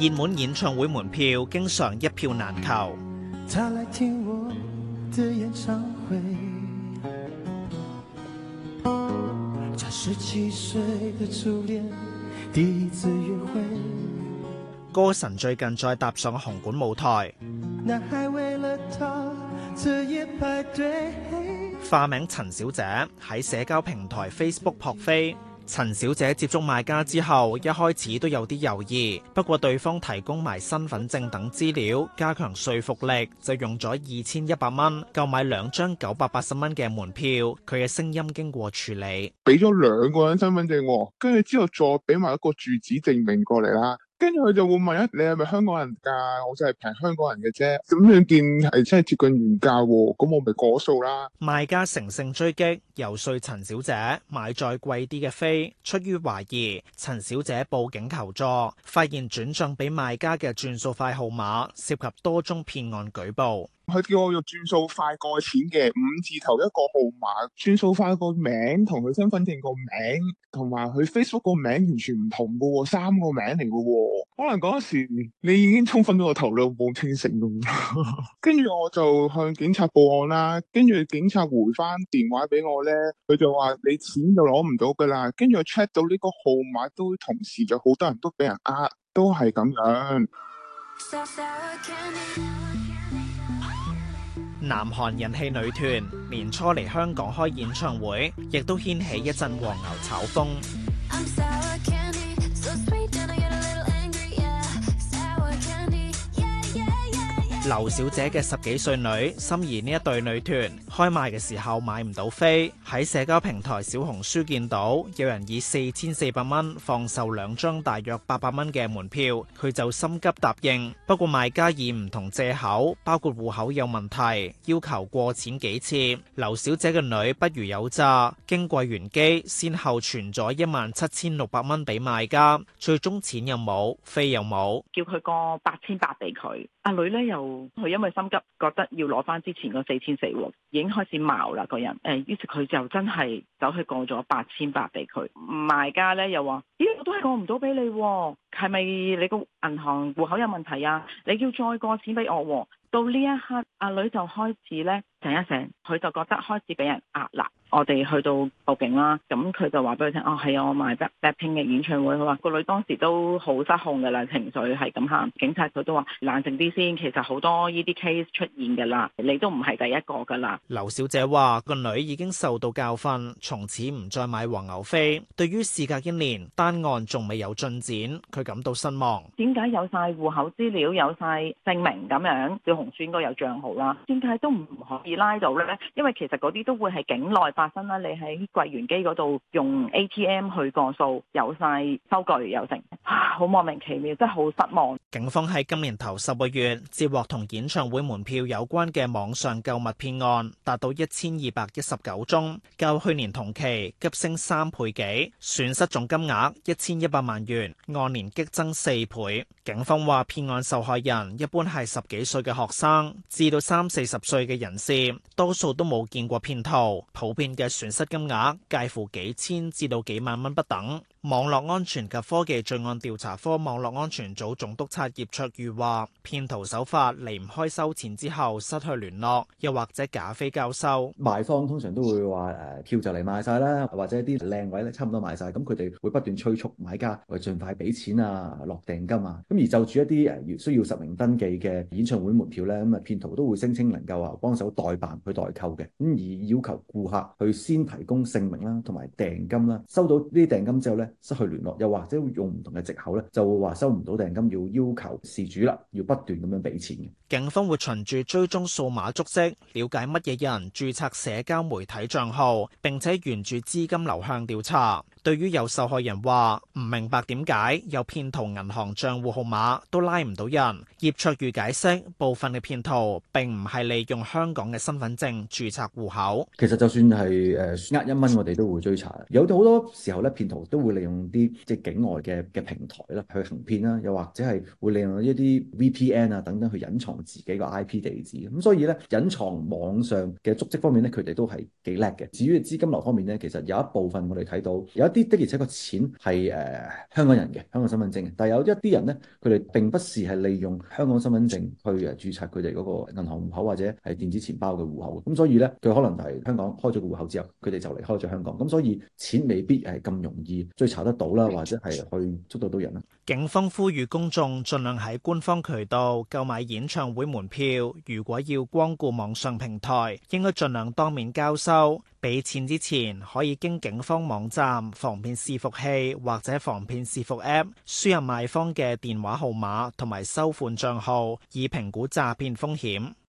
熱門演唱會門票經常一票難求。歌神最近再踏上紅館舞台。化名陳小姐喺社交平台 Facebook 撲飛。陳小姐接觸賣家之後，一開始都有啲猶豫，不過對方提供埋身份證等資料，加強說服力，就用咗二千一百蚊購買兩張九百八十蚊嘅門票。佢嘅聲音經過處理，俾咗兩個人身份證，跟住之後再俾埋一個住址證明過嚟啦。跟住佢就會問啊，你係咪香港人噶？我就係平香港人嘅啫。咁樣見係真係接近原價喎，咁我咪過數啦。賣家乘勝追擊，游說陳小姐買再貴啲嘅飛。出於懷疑，陳小姐報警求助，發現轉賬俾賣家嘅轉數快號碼涉及多宗騙案，舉報。佢叫我用轉數快過錢嘅五字頭一個號碼，轉數快個名同佢身份證個名，同埋佢 Facebook 個名完全唔同喎。三個名嚟嘅。可能嗰時你已經充分到個頭腦冇清醒，跟住 我就向警察報案啦，跟住警察回翻電話俾我呢，佢就話你錢就攞唔到噶啦，跟住我 check 到呢個號碼都同時就好多人都俾人呃，都係咁樣。南韓人氣女團年初嚟香港開演唱會，亦都掀起一陣黃牛炒風。劉小姐嘅十幾歲女，心儀呢一對女團。開賣嘅時候買唔到飛，喺社交平台小紅書見到有人以四千四百蚊放售兩張大約八百蚊嘅門票，佢就心急答應。不過賣家以唔同借口，包括戶口有問題，要求過錢幾次。劉小姐嘅女不如有詐，經櫃員機，先後存咗一萬七千六百蚊俾賣家，最終錢又冇，飛又冇，叫佢過八千八俾佢。阿女呢又佢因為心急，覺得要攞返之前嗰四千四，開始矛啦個人，誒，於是佢就真係走去過咗八千八俾佢，賣家呢又話：咦，我都係過唔到俾你，係咪你個銀行戶口有問題啊？你要再過錢畀我，到呢一刻，阿女就開始呢。成一成，佢就覺得開始俾人壓壓，我哋去到報警啦。咁佢就話俾佢聽，哦係我買 i n 拼嘅演唱會。佢話個女當時都好失控噶啦，情緒係咁喊。警察佢都話冷靜啲先。其實好多呢啲 case 出現噶啦，你都唔係第一個噶啦。劉小姐話個女已經受到教訓，從此唔再買黃牛飛。對於事隔一年單案仲未有進展，佢感到失望。點解有晒戶口資料、有晒姓明咁樣？小紅書應該有賬號啦，點解都唔可以？拉到咧？因為其實嗰啲都會係境內發生啦。你喺櫃員機嗰度用 ATM 去過數，有晒收據有成。啊，好莫名其妙，真係好失望。警方喺今年頭十個月接獲同演唱會門票有關嘅網上購物騙案，達到一千二百一十九宗，較去年同期急升三倍幾，損失總金額一千一百萬元，按年激增四倍。警方話，騙案受害人一般係十幾歲嘅學生至到三四十歲嘅人士。多數都冇見過騙徒，普遍嘅損失金額介乎幾千至到幾萬蚊不等。網絡安全及科技罪案調查科網絡安全組總督察葉卓如話，騙徒手法離唔開收錢之後失去聯絡，又或者假飛交收。賣方通常都會話，誒，票就嚟賣晒啦，或者啲靚位咧差唔多賣晒，咁佢哋會不斷催促買家去盡快俾錢啊，落訂金啊。咁而就住一啲需要實名登記嘅演唱會門票咧，咁啊騙徒都會聲稱能夠話幫手代辦去代購嘅，咁而要求顧客去先提供姓名啦，同埋訂金啦。收到呢啲訂金之後咧。失去聯絡，又或者會用唔同嘅藉口咧，就會話收唔到訂金，要要求事主啦，要不斷咁樣俾錢。警方會循住追蹤數碼足跡，了解乜嘢人註冊社交媒體帳號，並且沿住資金流向調查。對於有受害人話唔明白點解有騙徒銀行帳戶號碼都拉唔到人，葉卓裕解釋：部分嘅騙徒並唔係利用香港嘅身份證註冊戶口。其實就算係誒呃一蚊，我哋都會追查。有好多時候咧，騙徒都會利用啲即係境外嘅嘅平台啦去行騙啦，又或者係會利用一啲 VPN 啊等等去隱藏自己個 IP 地址。咁所以咧，隱藏網上嘅足跡方面咧，佢哋都係幾叻嘅。至於資金流方面咧，其實有一部分我哋睇到有。的而且個錢係誒香港人嘅香港身份證，但係有一啲人咧，佢哋並不是係利用香港身份證去誒註冊佢哋嗰個銀行戶口或者係電子錢包嘅戶口，咁所以咧，佢可能係香港開咗個戶口之後，佢哋就離開咗香港，咁所以錢未必係咁容易追查得到啦，或者係去捉到到人啦。警方呼籲公眾盡量喺官方渠道購買演唱會門票，如果要光顧網上平台，應該盡量當面交收。俾錢之前，可以經警方網站防騙視伏器或者防騙視伏 App 輸入賣方嘅電話號碼同埋收款帳號，以評估詐騙風險。